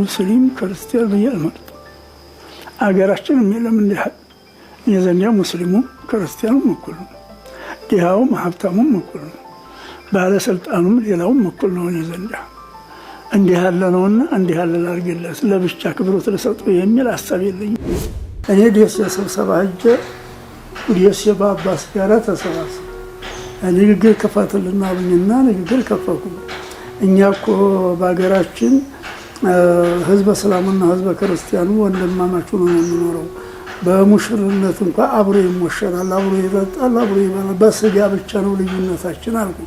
ሙስሊም ክርስቲያን ብያል ማለት አገራችን የሚለም እንዲህ የዘንዲያ ሙስሊሙም ክርስቲያኑም እኩል ነው። ድሃውም ሀብታሙም እኩል ነው። ባለስልጣኑም ሌላውም እኩል ነው የዘንዲያ እንዲህ ያለ ነውና እንዲህ ያለ ላድርግለት ለብቻ ክብሮት ልሰጡ የሚል ሀሳብ የለኝም። እኔ ደሴ ስብሰባ ሂጄ ደሴ በአባስ ጋራ ተሰባሰብ ንግግር ክፈትልና ብኝና ንግግር ከፈኩ እኛ እኮ በሀገራችን ህዝበ እስላሙና ህዝበ ክርስቲያኑ ወንድማማች ነው የሚኖረው። በሙሽርነት እንኳ አብሮ ይሞሸራል፣ አብሮ ይጠጣል፣ አብሮ ይበላል። በስጋ ብቻ ነው ልዩነታችን አልኩ።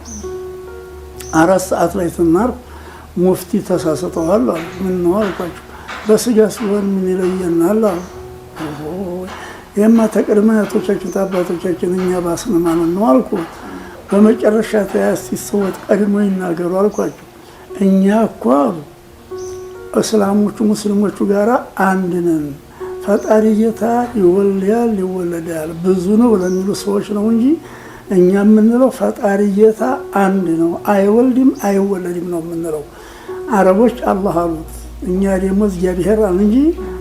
አራት ሰዓት ላይ ትማርኩ ሙፍቲ ተሳስተዋል አሉ። ምን ነው አልኳቸው። በስጋ ሲሆን ምን ይለየናል አሉ። ይህማ ተቅድመ አያቶቻችን አባቶቻችን እኛ ባስነ ማለት ነው አልኩ። በመጨረሻ ተያያዝ ሲሰወት ቀድሞ ይናገሩ አልኳቸው። እኛ እኮ አሉ እስላሞቹ ሙስሊሞቹ ጋር አንድ ነን፣ ፈጣሪ ጌታ ይወልዳል ይወለዳል ብዙ ነው ለሚሉ ሰዎች ነው እንጂ እኛ የምንለው ፈጣሪ ጌታ አንድ ነው፣ አይወልድም አይወለድም ነው የምንለው። አረቦች አላህ አሉት፣ እኛ ደግሞ እግዚአብሔር አሉ እንጂ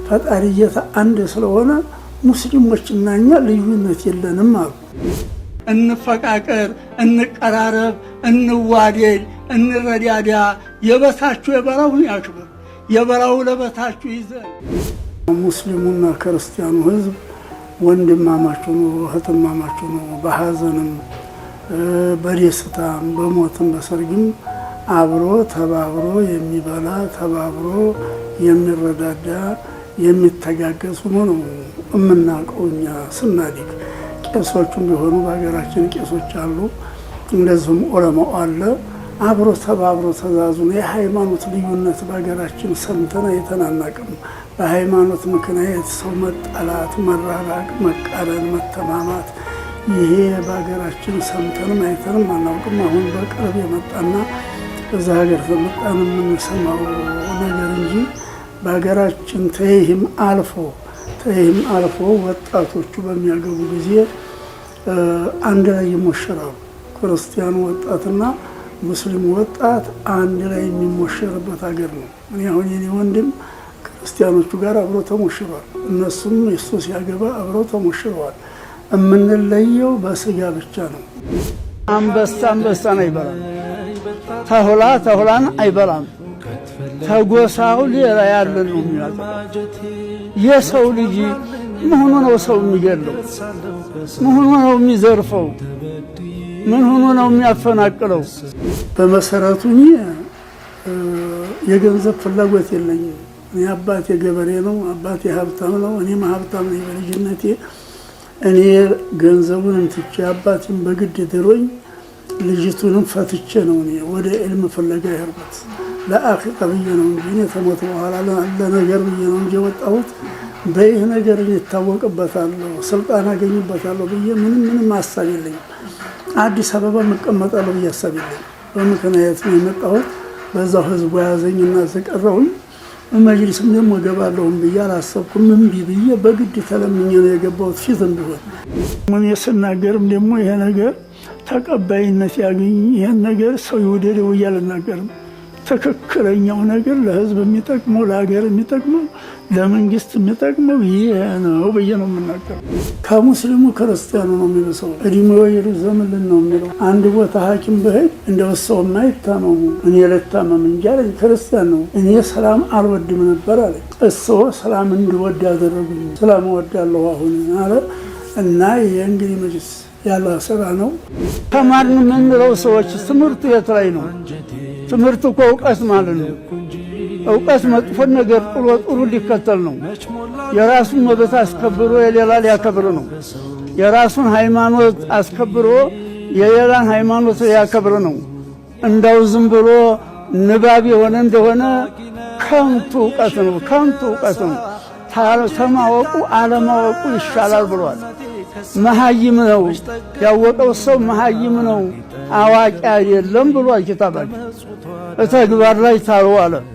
ፈጣሪ ጌታ አንድ ስለሆነ ሙስሊሞችና እኛ ልዩነት የለንም አሉ። እንፈቃቀር፣ እንቀራረብ፣ እንዋደድ፣ እንረዳዳ፣ የበታችሁ የበራውን ያክብር። የበራው ለበታችሁ ይዘን ሙስሊሙና ክርስቲያኑ ህዝብ ወንድማማችሁ ነው፣ እህትማማችሁ ነው። በሀዘንም በደስታም በሞትም በሰርግም አብሮ ተባብሮ የሚበላ ተባብሮ የሚረዳዳ የሚተጋገዝ ሆኖ ነው የምናውቀው እኛ ስናድግ። ቄሶቹም ቢሆኑ በሀገራችን ቄሶች አሉ፣ እንደዚሁም ኦለማው አለ። አብሮ ተባብሮ ተዛዙን የሃይማኖት ልዩነት በሀገራችን ሰምተን የተናናቅም በሃይማኖት ምክንያት ሰው መጠላት፣ መራራቅ፣ መቃረን፣ መተማማት ይሄ በሀገራችን ሰምተንም አይተንም አናውቅም። አሁን በቅርብ የመጣና እዛ ሀገር ተመጣን የምንሰማው ነገር እንጂ በሀገራችን ተይህም አልፎ ተይህም አልፎ ወጣቶቹ በሚያገቡ ጊዜ አንድ ላይ ይሞሸራሉ ክርስቲያኑ ወጣትና ሙስሊም ወጣት አንድ ላይ የሚሞሸርበት ሀገር ነው። እኔ አሁን የኔ ወንድም ክርስቲያኖቹ ጋር አብሮ ተሞሽሯል። እነሱም የሱ ሲያገባ አብሮ ተሞሽረዋል። የምንለየው በስጋ ብቻ ነው። አንበሳ አንበሳን አይበላም፣ ተሁላ ተሁላን አይበላም። ተጎሳው ሌላ ያለን ነው የሚያጠ የሰው ልጅ መሆኑ ነው ሰው የሚገለው መሆኑ ነው የሚዘርፈው ምን ሆኖ ነው የሚያፈናቅለው? በመሰረቱ የገንዘብ ፍላጎት የለኝም። እኔ አባቴ ገበሬ ነው፣ አባቴ ሀብታም ነው፣ እኔም ሀብታም ነኝ በልጅነቴ። እኔ ገንዘቡን እንትቼ አባቴን በግድ ድሮኝ ልጅቱንም ፈትቼ ነው እኔ ወደ ዕልም ፍለጋ ያርበት ለአቂቃ ብዬ ነው እንጂ እኔ ተሞት በኋላ ለነገር ብዬ ነው እንጂ የወጣሁት በይህ ነገር እኔ እታወቅበታለሁ፣ ስልጣን አገኝበታለሁ ብዬ ምንም ምንም ሀሳብ የለኝም። አዲስ አበባ መቀመጣለሁ ብዬ አሳብ በምክንያት ነው የመጣሁት። በዛው ህዝቡ ያዘኝና ዘቀረውኝ መጅሊስም ደግሞ እገባለሁም ብዬ አላሰብኩም። እምቢ ብዬ በግድ ተለምኜ ነው የገባሁት። ፊት እንድሆን ምን ስናገርም ደግሞ ይሄ ነገር ተቀባይነት ያገኝ ይሄን ነገር ሰው ይወደደው እያልናገርም ትክክለኛው ነገር ለህዝብ የሚጠቅመው ለሀገር የሚጠቅመው ለመንግስት የሚጠቅመው ይህ ነው ብዬ ነው የምናገር። ከሙስሊሙ ክርስቲያኑ ነው የሚብሰው። እድሜው ይርዘምልን ነው የሚለው። አንድ ቦታ ሐኪም ብሄድ እንደወሰው የማይታመሙ እኔ ልታመም እንጂ አለኝ። ክርስቲያን ነው። እኔ ሰላም አልወድም ነበር አለ። እሰዎ ሰላም እንድወድ ያደረጉኝ። ሰላም እወዳለሁ አሁን አለ እና ይህ እንግዲህ መጅስ ያለ ስራ ነው። ተማርን የምንለው ሰዎች ትምህርት የት ላይ ነው። ትምህርት እኮ እውቀት ማለት ነው። እውቀት መጥፎን ነገር ጥሎ ጥሩ ሊከተል ነው። የራሱን መብት አስከብሮ የሌላ ሊያከብር ነው። የራሱን ሃይማኖት አስከብሮ የሌላን ሃይማኖት ሊያከብር ነው። እንዳው ዝም ብሎ ንባብ የሆነ እንደሆነ ከንቱ እውቀት ነው፣ ከንቱ እውቀት ነው። ተማወቁ አለማወቁ ይሻላል ብሏል። መሀይም ነው ያወቀው ሰው መሀይም ነው፣ አዋቂ አይደለም ብሏል ኪታባችን። በተግባር ላይ ታሩ አለ።